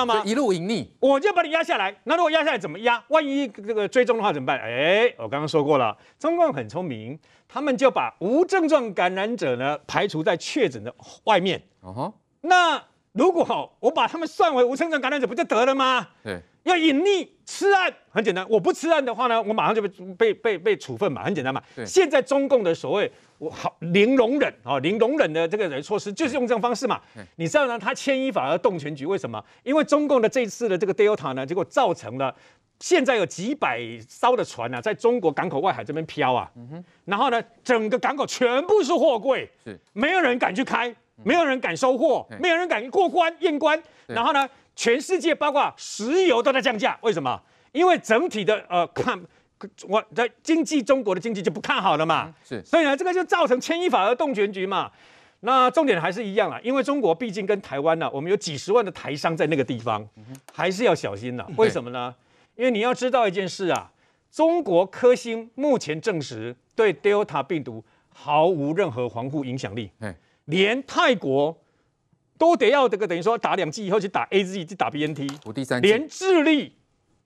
那麼一路隱匿，我就把你壓下來。那如果壓下來怎麼壓？萬一這個追蹤的話怎麼辦？哎、欸，我剛剛說過了，中共很聰明，他們就把無症狀感染者呢排除在確診的外面。Uh huh. 那。如果我把他們算為無症狀感染者，不就得了嗎？對要隱匿吃案很簡單，我不吃案的話呢，我馬上就被被被，被處分嘛，很簡單嘛。對現在中共的所謂我好零容忍啊，零容忍的這個人措施就是用這種方式嘛。嗯、你知道呢，他牽一髮而動全局，為什麼？因為中共的這一次的這個 Delta 呢，結果造成了現在有幾百艘的船呢、啊，在中國港口外海這邊飄啊，嗯、哼然後呢，整個港口全部是貨櫃，是沒有人敢去開。沒有人敢收貨，嗯、沒有人敢過關驗、嗯、關。然後呢，是全世界包括石油都在降價，為什麼？因為整體的呃看，我的經濟中國的經濟就不看好了嘛。是所以呢，這個就造成牽一髮而動全局嘛。嗯、那重點還是一樣啊，因為中國畢竟跟台灣呢、啊、我們有幾十萬的台商在那個地方，嗯、哼還是要小心吶、啊。為什麼呢？嗯、因為你要知道一件事啊，中國科興目前證實對 Delta 病毒毫無任何防護影響力。嗯連泰國都得要這個等於說打兩劑以後去打 A Z 去打 B N T，連智利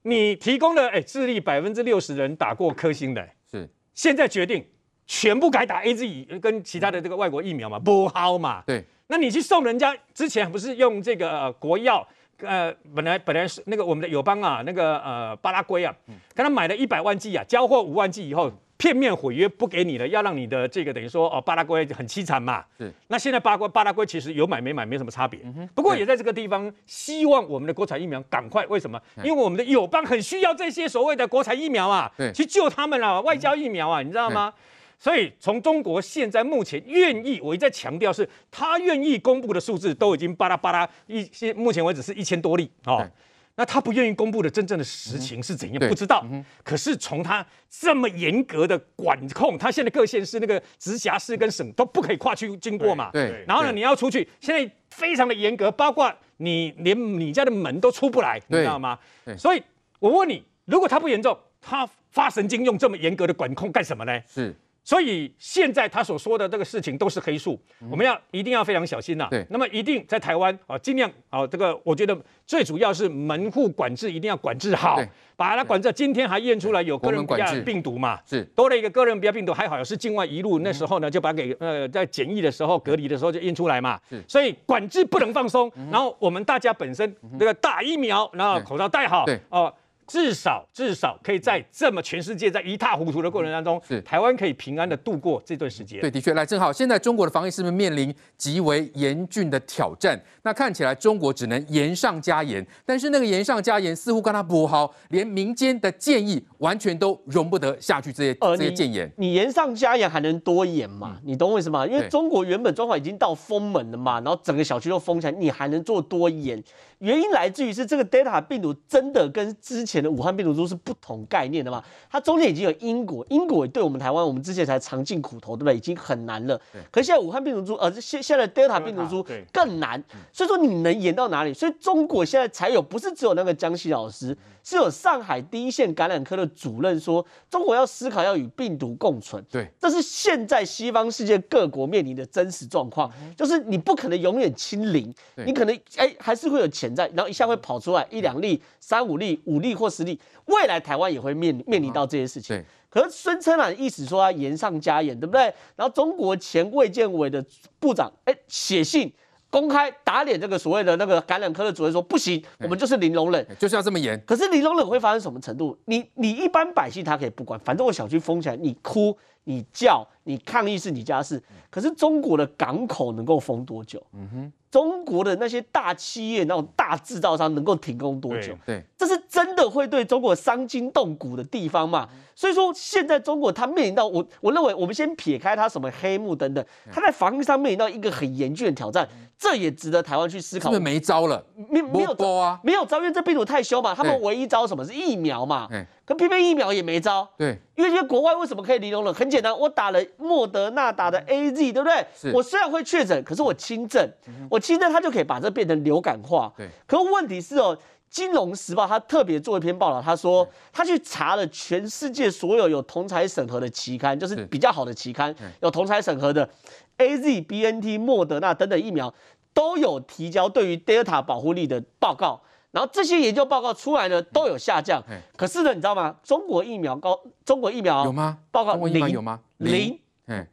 你提供了哎、欸、智利百分之六十人打過科興的是，現在決定全部改打 A Z 跟其他的這個外國疫苗嘛不好、嗯、嘛？對，那你去送人家之前不是用這個國藥呃本來本來是那個我們的友邦啊那個呃巴拉圭啊，嗯、跟他買了一百萬劑啊交貨五萬劑以後。片面毀約不給你的，要讓你的這個等於說哦，巴拉圭很淒慘嘛。是那現在巴拉圭巴拉圭其實有買沒買沒什麼差別。嗯、哼不過也在這個地方，嗯、哼希望我們的國產疫苗趕快。為什麼？嗯、因為我們的友邦很需要這些所謂的國產疫苗啊，嗯、哼去救他們啊，外交疫苗啊，嗯、哼你知道嗎？嗯、哼所以從中國現在目前願意，我一再強調是，他願意公布的數字都已經巴拉巴拉，一目前為止是一千多例、哦嗯那他不願意公布的真正的實情是怎樣、嗯哼？不知道。嗯、可是從他這麼嚴格的管控，他現在各縣市那個直轄市跟省都不可以跨區經過嘛。然後呢，對你要出去，現在非常的嚴格，包括你連你家的門都出不來，你知道嗎？對。對所以我問你，如果他不嚴重，他發神經用這麼嚴格的管控幹什麼呢？是。所以現在他所說的這個事情都是黑數，我們要一定要非常小心吶。那麼一定在台灣啊，盡量啊，這個我覺得最主要是門戶管制一定要管制好，把它管制。今天還驗出來有哥倫比亞病毒嘛？多了一個哥倫比亞病毒，還好是境外移入。那時候呢，就把它給呃在檢疫的時候隔離的時候就驗出來嘛。所以管制不能放鬆。然後我們大家本身這個打疫苗，然後口罩戴好。對，哦。至少至少可以在這麼全世界在一塌糊塗的過程當中，是台灣可以平安的度過這段時間。對，的確，來正好，現在中國的防疫是不是面臨極為嚴峻的挑戰？那看起來中國只能嚴上加嚴，但是那個嚴上加嚴似乎跟他不好，連民間的建議完全都容不得下去這些、呃、這些建言。你嚴上加嚴還能多嚴嗎？嗯、你懂我意思嗎？因為中國原本狀況已經到封門了嘛，然後整個小區都封起來，你還能做多嚴？原因來自於是這個 Delta 病毒真的跟之前的武漢病毒株是不同概念的嘛？它中間已經有英國，英國對我們台灣，我們之前才嘗盡苦頭，對不對？已經很難了。對可是現在武漢病毒株，而、呃、現現在 Delta 病毒株更難。所以說你能延到哪裡？所以中國現在才有，不是只有那個江西老師。嗯只有上海第一線感染科的主任說：“中國要思考要與病毒共存。對”這是現在西方世界各國面臨的真實狀況，嗯、就是你不可能永遠清零，對你可能哎、欸、還是會有潛在，然後一下會跑出來對一兩例、對三五例、五例或十例。未來台灣也會面臨面臨到這些事情。啊、可是孫春蘭意思說他嚴上加嚴，對不對？然後中國前衛健委的部長哎寫、欸、信。公開打臉這個所謂的那個感染科的主任說不行，我們就是零容忍，就是要這麼嚴。可是零容忍會發生什麼程度？你你一般百姓他可以不管，反正我小區封起來，你哭你叫你抗議是你家事。嗯、可是中國的港口能夠封多久？嗯哼，中國的那些大企業那種大制造商能夠停工多久？嗯、對對，這是真的會對中國傷筋動骨的地方嘛。所以說現在中國它面臨到我我認為我們先撇開它什麼黑幕等等，它在防疫上面臨到一個很嚴峻的挑戰。嗯。這也值得台灣去思考，是，是沒招了，沒沒有沒招啊，沒有招，招，因為這病毒太凶嘛，對他們唯一招什麼是疫苗嘛，對可偏偏疫苗也沒招，對，因為因為國外為什麼可以零容忍？很簡單，我打了莫德納，打的 A Z，對不對？是我雖然會確診，可是我輕症，嗯、哼我輕症他就可以把這變成流感化，對。可問題是哦。金融時報他特別做一篇報道，他說他去查了全世界所有有同儕審核的期刊，就是比較好的期刊，有同儕審核的，AZ、BNT 莫德納等等疫苗都有提交對於德爾塔保護力的報告，然後這些研究報告出來呢都有下降，可是呢你知道嗎？中國疫苗高，中國疫苗有嗎？報告零，有嗎？零，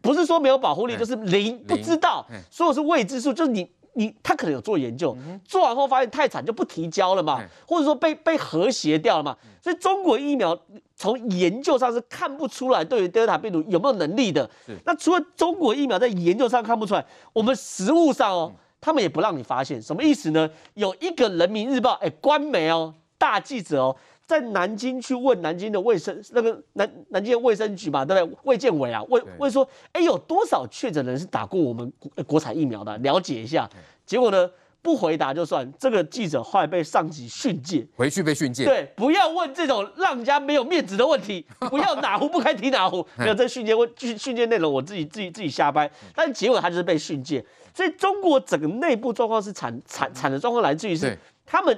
不是說沒有保護力，就是零，不知道，所以是未知數，就是你。你他可能有做研究，嗯、哼做完後發現太慘就不提交了嘛，嘿或者說被被和諧掉了嘛。嗯、所以中國疫苗從研究上是看不出來對於德爾塔病毒有沒有能力的。是那除了中國疫苗在研究上看不出來，我們實務上哦，嗯、他們也不讓你發現，什麼意思呢？有一個人民日報哎、欸，官媒哦，大記者哦。在南京去問南京的衛生那個南南京的衛生局嘛，對不對？衛健委啊，問對問說，哎，有多少確診人是打過我們國國產疫苗的？了解一下。結果呢，不回答就算。這個記者後來被上級訓誡，回去被訓誡。對，不要問這種讓人家沒有面子的問題，不要哪壺不開提哪壺。 沒有這訓誡問訓訓誡內容，我自己自己自己瞎掰。但結果他就是被訓誡。所以中國整個內部狀況是慘慘慘的狀況，來自於是對他們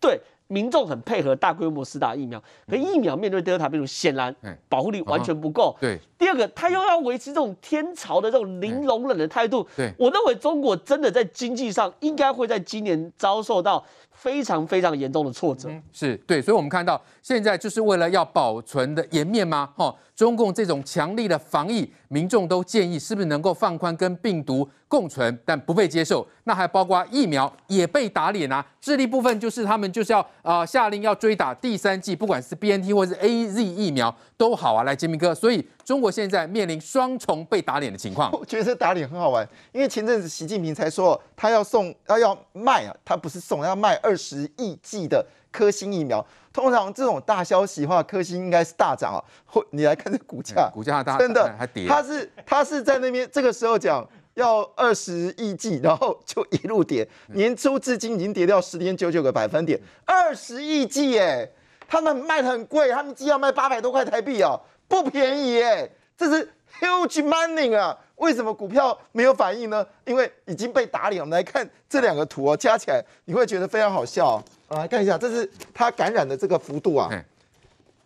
對。民眾很配合大規模施打疫苗，可疫苗面對德爾塔病毒顯然保護力完全不夠，嗯啊。對，第二個，他又要維持這種天朝的這種零容忍的態度。嗯、對我認為，中國真的在經濟上應該會在今年遭受到。非常非常嚴重的挫折，嗯、是對，所以我們看到現在就是為了要保存的顏面嗎？齁，中共這種強力的防疫，民眾都建議是不是能夠放寬跟病毒共存，但不被接受。那還包括疫苗也被打臉啊！智利部分就是他們就是要啊、呃、下令要追打第三劑，不管是 B N T 或是 A Z 疫苗。都好啊，來潔民哥，所以中國現在面臨雙重被打臉的情況。我覺得這打臉很好玩，因為前陣子習近平才說他要送，他要賣啊，他不是送，要賣二十億劑的科興疫苗。通常這種大消息的話，科興應該是大漲啊。你來看這股價，股價大漲真的還跌。他是他是在那邊這個時候講要二十億劑，然後就一路跌，年初至今已經跌掉十點九九個百分點，二十億劑耶。他們賣的很貴，他們既要賣八百多塊台幣哦，不便宜耶，這是 huge money 啊！為什麼股票沒有反應呢？因為已經被打臉了。我們來看這兩個圖哦，加起來你會覺得非常好笑。我來看一下，這是它感染的這個幅度啊，嘿，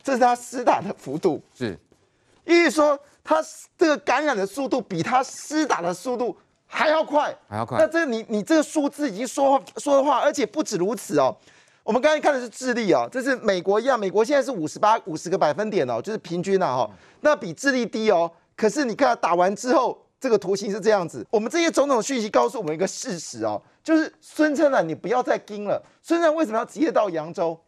這是它施打的幅度，是，意思說它這個感染的速度比它施打的速度還要快，還要快。那這個你你這個數字已經說說的話，而且不止如此哦。我們剛才看的是智利啊、哦，這、就是美國一樣，美國現在是五十八五十個百分點哦，就是平均了、啊、哈、哦。那比智利低哦，可是你看打完之後這個圖形是這樣子。我們這些種種訊息告訴我們一個事實哦，就是孫春蘭你不要再盯了。孫春蘭為什麼要直接到揚州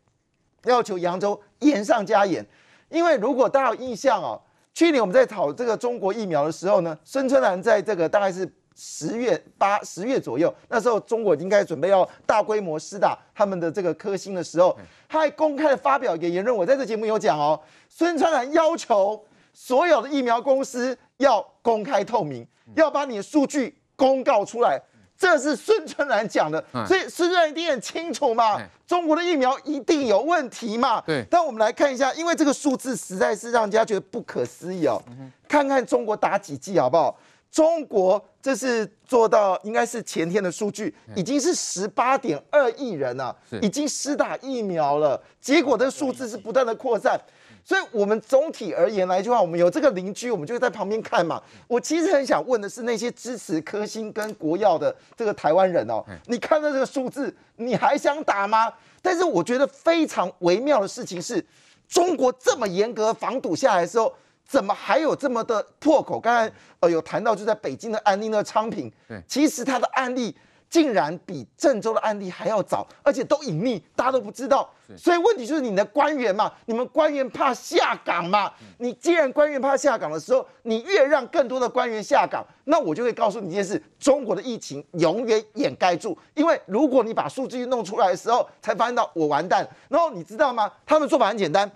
要求揚州嚴上加嚴？因為如果大家有印象哦，去年我們在討這個中國疫苗的時候呢，孫春蘭在這個大概是。十月八十月左右，那時候中國應該準備要大規模施打他們的這個科興的時候，他還公開的發表一個言論，我在這節目有講哦，孫春蘭要求所有的疫苗公司要公開透明，要把你的數據公告出來，這是孫春蘭講的，所以孫春蘭一定很清楚嘛，中國的疫苗一定有問題嘛。對，但我們來看一下，因為這個數字實在是讓人家覺得不可思議哦，看看中國打幾劑好不好？中國。這是做到應該是前天的數據，已經是十八點二億人了，啊，是已經施打疫苗了。結果這個數字是不斷的擴散，所以我們總體而言來的話，我們有這個鄰居，我們就在旁邊看嘛。我其實很想問的是，那些支持科興跟國藥的這個台灣人哦，你看到這個數字，你還想打嗎？但是我覺得非常微妙的事情是，中國這麼嚴格防堵下來的時候。怎麼還有這麼的破口？剛才呃有談到就在北京的安利的昌平，對，其實他的案例竟然比鄭州的案例還要早，而且都隱秘，大家都不知道。是所以問題就是你的官員嘛，你們官員怕下崗嘛？嗯、你既然官員怕下崗的時候，你越讓更多的官員下崗，那我就會告訴你一件事：中國的疫情永遠掩蓋住，因為如果你把數據弄出來的時候，才發現到我完蛋。然後你知道嗎？他們做法很簡單。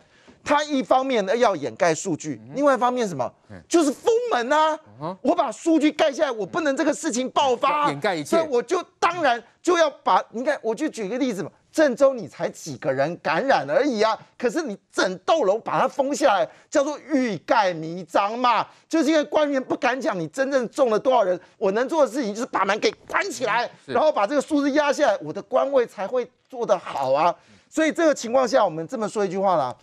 他一方面呢要掩蓋數據，嗯、哼另外一方面什麼，嗯、就是封門啊！嗯、哼我把數據蓋下來，我不能這個事情爆發，啊，掩蓋一切，所以我就當然就要把你看，我就舉個例子嘛。鄭州你才幾個人感染而已啊，可是你整棟樓把它封下來，叫做欲蓋彌彰嘛。就是因為官員不敢講你真正中了多少人，我能做的事情就是把門給關起來，嗯、然後把這個數字壓下來，我的官位才會做得好啊。所以這個情況下，我們這麼說一句話啦。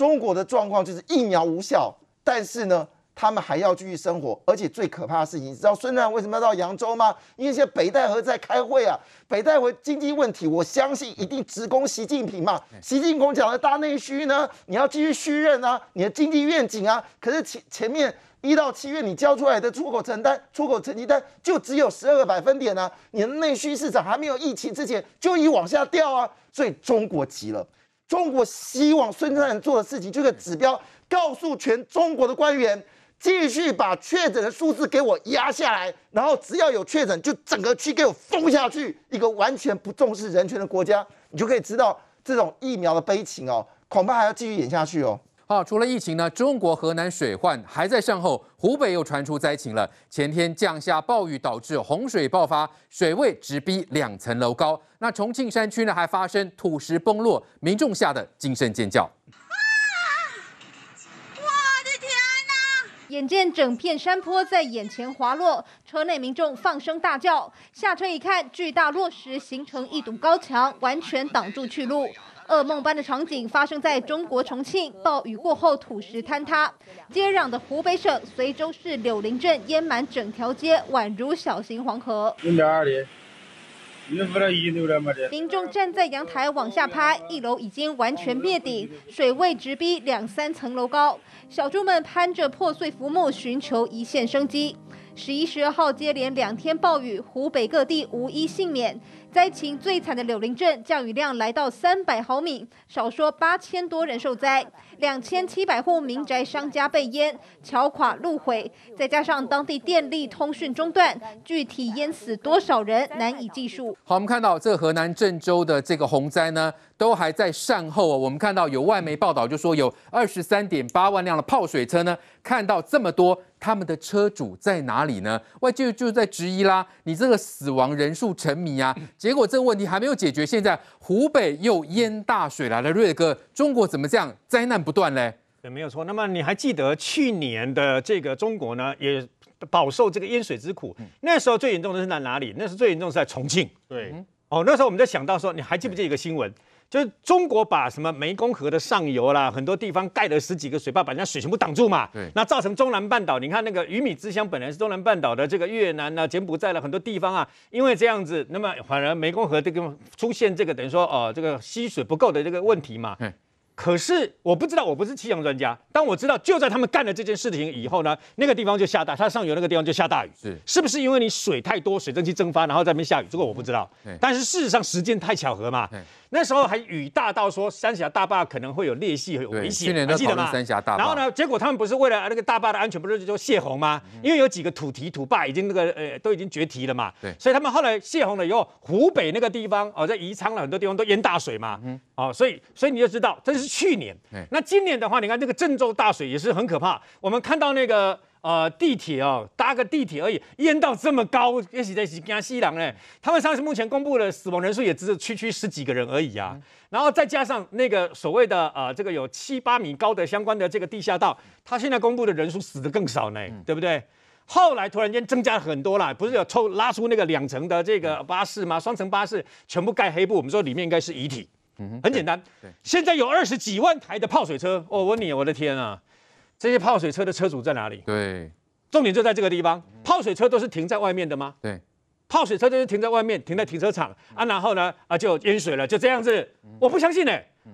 中國的狀況就是疫苗無效，但是呢，他們還要繼續生活，而且最可怕的事情，你知道孫亮為什麼要到揚州嗎？因為現在北戴河在開會啊，北戴河經濟問題，我相信一定直攻習近平嘛。嗯、習近平講的大內需呢，你要繼續續任啊，你的經濟願景啊，可是前前面一到七月你交出來的出口成績單出口成績單就只有十二個百分點啊，你的內需市場還沒有疫情之前就已往下掉啊，所以中國急了。中國希望孫中山做的事情，這個指標告訴全中國的官員，繼續把確診的數字給我壓下來，然後只要有確診就整個區給我封下去。一個完全不重視人權的國家，你就可以知道這種疫苗的悲情，哦，恐怕還要繼續演下去哦。好、啊，除了疫情呢，中國河南水患還在善後，湖北又傳出災情了。前天降下暴雨，導致洪水爆發，水位直逼兩層樓高。那重慶山區呢，還發生土石崩落，民眾嚇得驚聲尖叫。我的天哪、啊！眼見整片山坡在眼前滑落，車內民眾放聲大叫。下車一看，巨大落石形成一堵高牆，完全擋住去路。噩夢般的場景發生在中國重慶，暴雨過後土石坍塌，接壤的湖北省隨州市柳林鎮淹滿整條街，宛如小型黃河。民眾站在陽台往下拍，一樓已經完全滅頂，水位直逼兩三層樓高，小豬們攀着破碎浮木尋求一線生機。十一、十二號接連兩天暴雨，湖北各地無一倖免。災情最慘的柳林鎮，降雨量來到三百毫米，少說八千多人受災，兩千七百戶民宅、商家被淹，橋垮路毀，再加上當地電力、通訊中斷，具體淹死多少人難以計數。好，我們看到這個河南鄭州的這個洪災呢。都還在善後哦、啊。我們看到有外媒報道，就說有二十三點八萬輛的泡水車呢。看到這麼多，他們的車主在哪裡呢？外界就在質疑啦。你這個死亡人數成謎啊！結果這個問題還沒有解決。現在湖北又淹大水來了，瑞哥，中國怎麼這樣災難不斷呢？對，沒有錯。那麼你還記得去年的這個中國呢，也飽受這個淹水之苦。嗯、那時候最嚴重的是在哪裡？那時候最嚴重的是在重慶。對，嗯、哦，那時候我們就想到說，你還記不記得一個新聞？嗯就是中國把什麼湄公河的上游啦，很多地方蓋了十幾個水壩，把人家水全部擋住嘛。那造成中南半島，你看那個魚米之鄉，本來是中南半島的這個越南呢、啊、柬埔寨了很多地方啊，因為這樣子，那麼反而湄公河這個出現這個等於說哦，這個吸水不夠的這個問題嘛。可是我不知道，我不是氣象專家。但我知道，就在他們幹了這件事情以後呢，那個地方就下大，它上游那個地方就下大雨。是。是不是因為你水太多，水蒸氣蒸發，然後在那邊下雨？這個我不知道。但是事實上，時間太巧合嘛。那時候還雨大到說三峽大壩可能會有裂隙和有危險，還記得嗎？然後呢，結果他們不是為了那個大壩的安全，不是就泄洪嗎？嗯、因為有幾個土堤土壩已經那個呃都已經決堤了嘛。對所以他們後來泄洪了以後，湖北那個地方哦，在宜昌了很多地方都淹大水嘛。嗯、哦，所以所以你就知道這是去年。嗯、那今年的話，你看那個鄭州大水也是很可怕。我們看到那個。呃，地鐵哦，搭個地鐵而已，淹到這麼高，也是在是驚西南呢。他們上次目前公布的死亡人數也只是區區十幾個人而已啊。嗯、然後再加上那個所謂的呃，這個有七八米高的相關的這個地下道，他現在公布的人數死的更少呢、呃，嗯、對不對？後來突然間增加很多啦，不是有抽拉出那個兩層的這個巴士嗎？嗯、雙層巴士全部蓋黑布，我們說裡面應該是遺體。嗯、哼很簡單。現在有二十幾萬台的泡水車。哦、我問你，我的天啊！這些泡水車的車主在哪裡？對，重點就在這個地方。泡水車都是停在外面的嗎？對，泡水車就是停在外面，停在停車場啊，然後呢啊就淹水了，就這樣子。我不相信呢，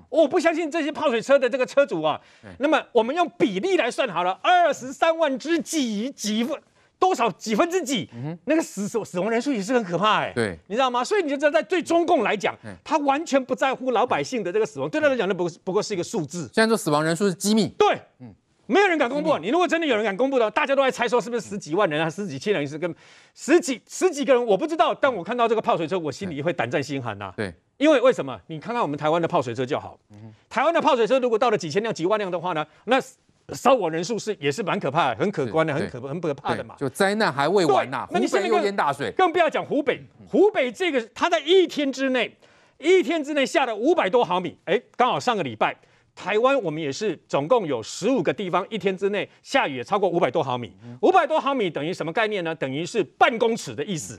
我不相信這些泡水車的這個車主啊。那麼我們用比例來算好了，二十三萬之幾幾分多少幾分之幾，那個死死死亡人數也是很可怕哎。對，你知道嗎？所以你就知道，在對中共來講，他完全不在乎老百姓的這個死亡，對他來講，那不不過是一個數字。雖然說死亡人數是機密。對，嗯。沒有人敢公布、啊。你如果真的有人敢公布的，大家都會猜說是不是十幾萬人啊、嗯、十幾千人是跟十幾十幾個人，我不知道。但我看到這個泡水車，我心裡會膽戰心寒吶、啊。對，因為為什麼？你看看我們台灣的泡水車就好。嗯、哼台灣的泡水車如果到了幾千輛、幾萬輛的話呢，那傷亡人數是也是蠻可怕的，很可觀的，是很可,對很,可很可怕的嘛。就災難還未完吶、啊，那你現在湖北又淹大水，更不要講湖北。湖北這個，它在一天之內，一天之內下了五百多毫米，哎，剛好上個禮拜。台灣我們也是，總共有十五個地方，一天之內下雨也超過五百多毫米。五百多毫米等於什麼概念呢？等於是半公尺的意思。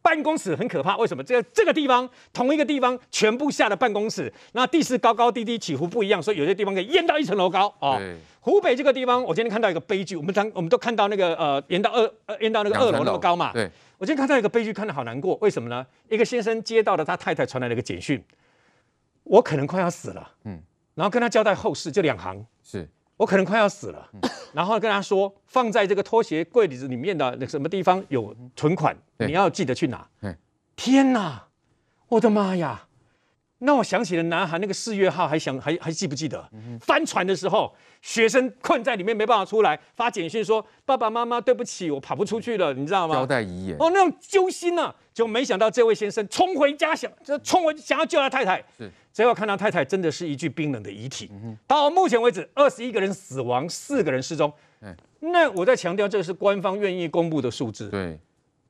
半公尺很可怕，為什麼？這這個地方，同一個地方全部下的半公尺，那地勢高高低低，起伏不一樣，所以有些地方可以淹到一層樓高。對湖北這個地方，我今天看到一個悲劇，我們當我們都看到那個呃淹到二淹到那個二樓那麼高嘛。我今天看到一個悲劇，看得好難過。為什麼呢？一個先生接到了他太太傳來的一個簡訊，我可能快要死了。嗯。然後跟他交代後事，就兩行，是我可能快要死了，嗯、然後跟他說放在這個拖鞋櫃子裡面的那什麼地方有存款，對你要記得去拿。嘿天哪，我的媽呀！那我想起了南韓那個四月號還，還想還還記不記得？翻、嗯、哼船的時候，學生困在裡面沒辦法出來，發簡訊說爸爸媽媽對不起，我跑不出去了，嗯、你知道嗎？交代遺言哦，那種揪心啊！就沒想到這位先生衝回家想，就衝回想要救他太太。最後看到太太真的是一具冰冷的遺體。嗯、哼到目前為止，二十一個人死亡，四個人失蹤。欸、那我在強調，這是官方願意公布的數字。那對、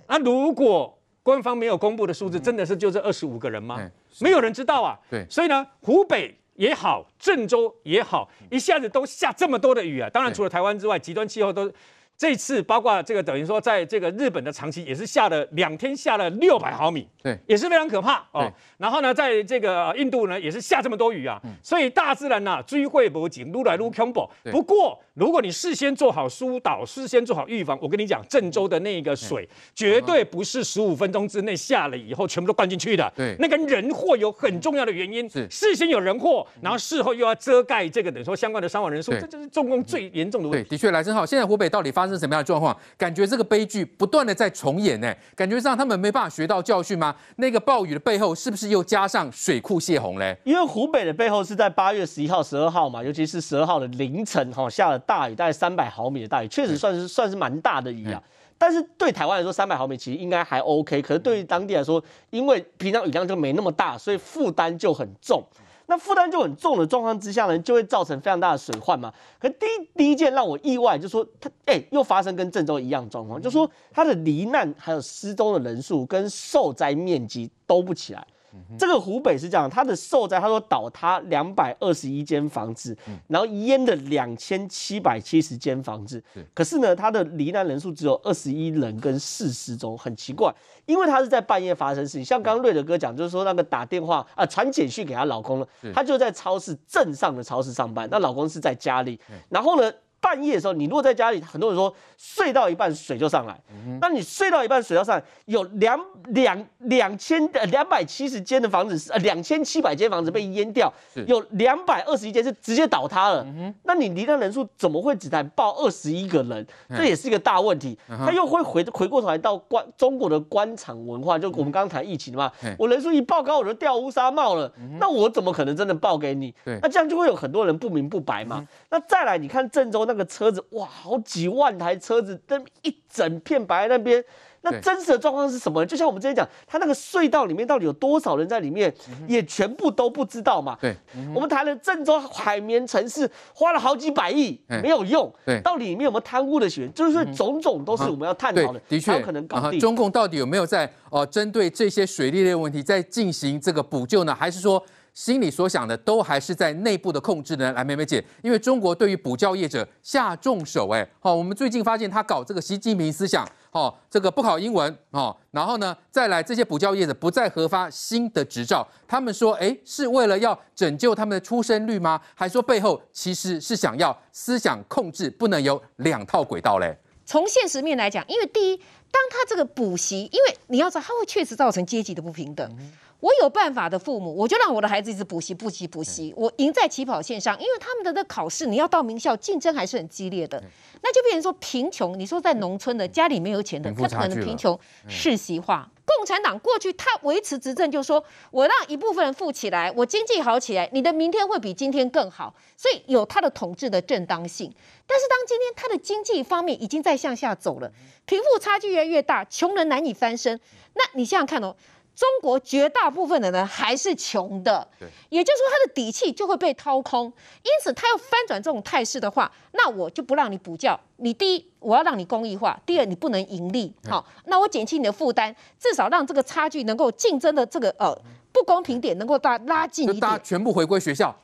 啊、如果官方沒有公布的數字，嗯、哼真的是就這二十五個人嗎？欸、沒有人知道啊。對所以呢，湖北也好，鄭州也好，一下子都下這麼多的雨啊！當然，除了台灣之外，極對端氣候都。這一次包括這個，等於說，在這個日本的長崎也是下了兩天，下了六百毫米，嗯、也是非常可怕啊。哦、對然後呢，在這個印度呢，也是下這麼多雨啊。嗯、所以大自然吶、啊，追悔不僅越來越恐怖、嗯、不過。如果你事先做好疏導，事先做好預防，我跟你講，鄭州的那個水絕對不是十五分鐘之內下了以後全部都灌進去的。對，那個人禍有很重要的原因，是事先有人禍，然後事後又要遮蓋這個，等於說相關的傷亡人數，對這就是中共最嚴重的問題。對，對，的確，李正皓，現在湖北到底發生什麼樣的狀況？感覺這個悲劇不斷的在重演，呢，感覺上他們沒辦法學到教訓嗎？那個暴雨的背後是不是又加上水庫洩洪嘞？因為湖北的背後是在八月十一號、十二號嘛，尤其是十二號的凌晨，哈、哦，下了。大雨大概三百毫米的大雨，確實算是、嗯、算是蠻大的雨啊。嗯、但是對台灣來說，三百毫米其實應該還 OK。可是對於當地來說，因為平常雨量就沒那麼大，所以負擔就很重。那負擔就很重的狀況之下呢，就會造成非常大的水患嘛。可第一第一件讓我意外就是，就說它哎、欸，又發生跟鄭州一樣的狀況，就是、說它的罹難還有失蹤的人數跟受災面積都不起來。嗯、這個湖北是這樣，他的受災，他說倒塌兩百二十一間房子，然後淹的兩千七百七十間房子。嗯、可是呢，他的罹難人數只有二十一人跟四十種，很奇怪，因為他是在半夜發生事情。像剛剛瑞德哥講，就是說那個打電話啊，傳、呃、簡訊給他老公了，嗯、他就在超市鎮上的超市上班，那老公是在家裡，然後呢？嗯半夜的時候，你如果在家裡，很多人說睡到一半水就上來。嗯、哼那你睡到一半水要上來，有兩兩兩千的兩百七十間的房子，呃，兩千七百間房子被淹掉，是有兩百二十一間是直接倒塌了。嗯、哼那你罹難人數怎麼會只才報二十一個人？嗯、哼這也是一個大問題。嗯、哼他又會回回過頭來到官，中國的官場文化，就我們剛才談疫情的嘛，嗯、哼我人數一報高我就掉烏紗帽了，嗯、哼那我怎麼可能真的報給你？對那這樣就會有很多人不明不白嘛。嗯、哼那再來你看鄭州那個車子哇，好幾萬台車子，跟一整片白在那邊，那真實的狀況是什麼？對就像我們之前講，它那個隧道裡面到底有多少人在裡面，嗯、哼也全部都不知道嘛。對，嗯、我們談了鄭州海綿城市花了好幾百億，沒有用。對，到裡面有沒有貪污的錢，就是種種都是我們要探討的。的確、嗯哼，有可能搞定、嗯。中共到底有沒有在呃針對這些水利的問題在進行這個補救呢？還是說？心裡所想的都還是在內部的控制呢？來，莓莓姐，因為中國對於補教業者下重手、欸，哎，好，我們最近發現他搞這個習近平思想，好、哦，這個不考英文，好、哦，然後呢，再來這些補教業者不再核發新的執照，他們說，哎、欸，是為了要拯救他們的出生率嗎？還說背後其實是想要思想控制，不能有兩套軌道嘞。從現實面來講，因為第一，當他這個補習，因為你要知道，他會確實造成階級的不平等。我有辦法的父母，我就讓我的孩子一直補習、補習、補習。我贏在起跑線上，因為他們的那考試，你要到名校，競爭還是很激烈的。那就變成說貧窮。你說在農村的家裡沒有錢的，他可能貧窮世襲化，共產黨過去他維持執政，就是說我讓一部分人富起來，我經濟好起來，你的明天會比今天更好，所以有他的統治的正當性。但是當今天他的經濟方面已經在向下走了，貧富差距越來越大，窮人難以翻身。那你想想看哦。中國絕大部分的人還是窮的，對也就是說他的底氣就會被掏空。因此，他要翻轉這種態勢的話，那我就不讓你補教。你第一，我要讓你公益化；第二，你不能盈利。好、嗯哦，那我減輕你的負擔，至少讓這個差距能夠競爭的這個呃不公平點能夠大拉近一點，全部回歸學校，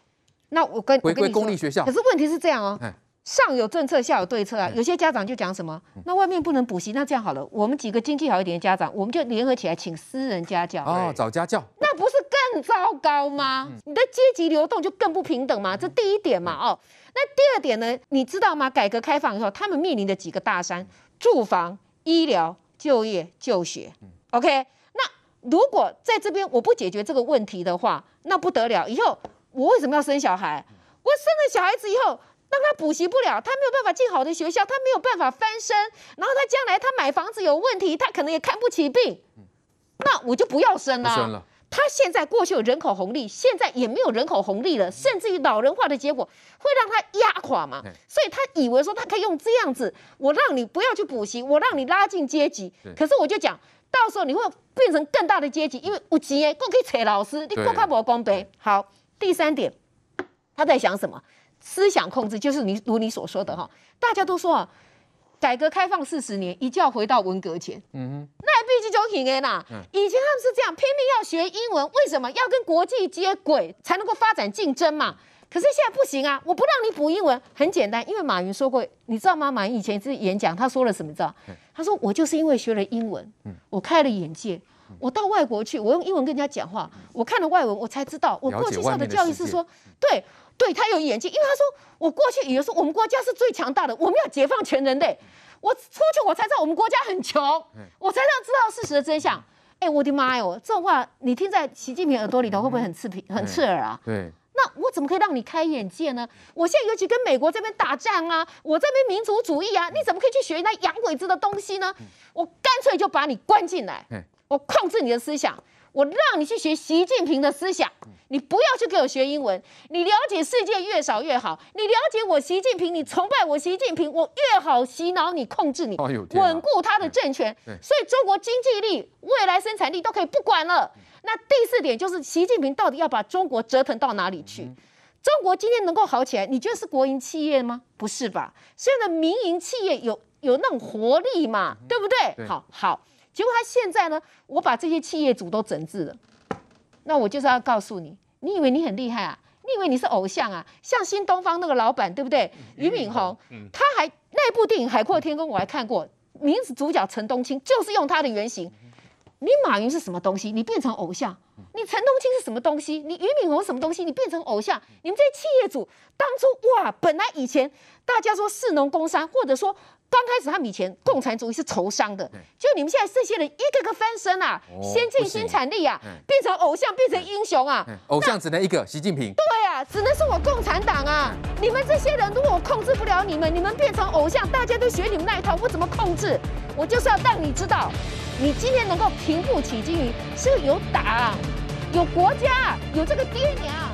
那我跟回歸公立學校。學校。可是問題是這樣哦。嗯上有政策，下有對策啊！有些家長就講什麼，那外面不能補習，那這樣好了，我們幾個經濟好一點的家長，我們就聯合起來請私人家教。哦，找家教，那不是更糟糕嗎？你的階級流動就更不平等嘛，這第一點嘛，哦，那第二點呢，你知道嗎？改革開放以後，他們面臨的幾個大山：住房、醫療、就業、就學。嗯，OK，那如果在這邊我不解決這個問題的話，那不得了。以後我為什麼要生小孩？我生了小孩子以後。讓他補習不了，他沒有辦法進好的學校，他沒有辦法翻身。然後他將來他買房子有問題，他可能也看不起病。那我就不要生了。不生了。他現在過去有人口紅利，現在也沒有人口紅利了，嗯、甚至於老人化的結果會讓他壓垮嘛。嘿所以他以為說他可以用這樣子，我讓你不要去補習，我讓你拉近階級。嘿可是我就講，到時候你會變成更大的階級，因為我錢我可以找老師，你不怕我光背。對好，第三點，他在想什麼？思想控制就是你如你所說的哈，大家都說啊，改革開放四十年一覺回到文革前。那也必須轉型的呢、嗯、以前他們是這樣拼命要學英文，為什麼要跟國際接軌才能夠發展競爭嘛？可是現在不行啊，我不讓你補英文，很簡單，因為馬雲說過，你知道嗎？馬雲以前一次演講他說了什麼？你知道？他說我就是因為學了英文，我開了眼界。嗯我到外國去，我用英文跟人家講話，我看了外文，我才知道了解我過去受的教育是說，對，對他有眼界，因為他說我過去以為說我們國家是最強大的，我們要解放全人類。我出去，我才知道我們國家很窮，嘿我才能知道事實的真相。哎、欸，我的媽喲，這種話你聽在習近平耳朵裡頭，會不會很刺鼻、嘿很刺耳啊？對，那我怎麼可以讓你開眼界呢？我現在尤其跟美國這邊打仗啊，我這邊民族主義啊，你怎麼可以去學那洋鬼子的東西呢？我乾脆就把你關進來。我控制你的思想，我讓你去學習近平的思想，嗯、你不要去給我學英文，你了解世界越少越好，你了解我習近平，你崇拜我習近平，我越好洗腦你控制你，哦、穩固他的政權。所以中國經濟力、未來生產力都可以不管了。對那第四點就是習近平到底要把中國折騰到哪裡去？嗯、中國今天能夠好起來，你覺得是國營企業嗎？不是吧？現在民營企業有有那種活力嘛？嗯、對不對？對好，好。結果他現在呢？我把這些企業主都整治了，那我就是要告訴你，你以為你很厲害啊？你以為你是偶像啊？像新東方那個老闆，對不對？俞、嗯、敏洪，嗯、他還那部電影《海闊天空》，我還看過，名字主角陳東青就是用他的原型。你馬雲是什麼東西？你變成偶像？你陳東青是什麼東西？你俞敏洪什麼東西？你變成偶像？你們這些企業主當初哇，本來以前大家說“士農工商”，或者說。剛開始他們以前共產主義是仇商的，嗯、就你們現在這些人一個個翻身啊，哦、先進生產力啊，嗯、變成偶像，變成英雄啊。嗯、偶像那只能一個，習近平。對啊，只能是我共產黨啊！嗯、你們這些人如果我控制不了你們，你們變成偶像，大家都學你們那一套，我怎麼控制？我就是要讓你知道，你今天能夠平步起經營，是有黨、有國家、有這個爹娘。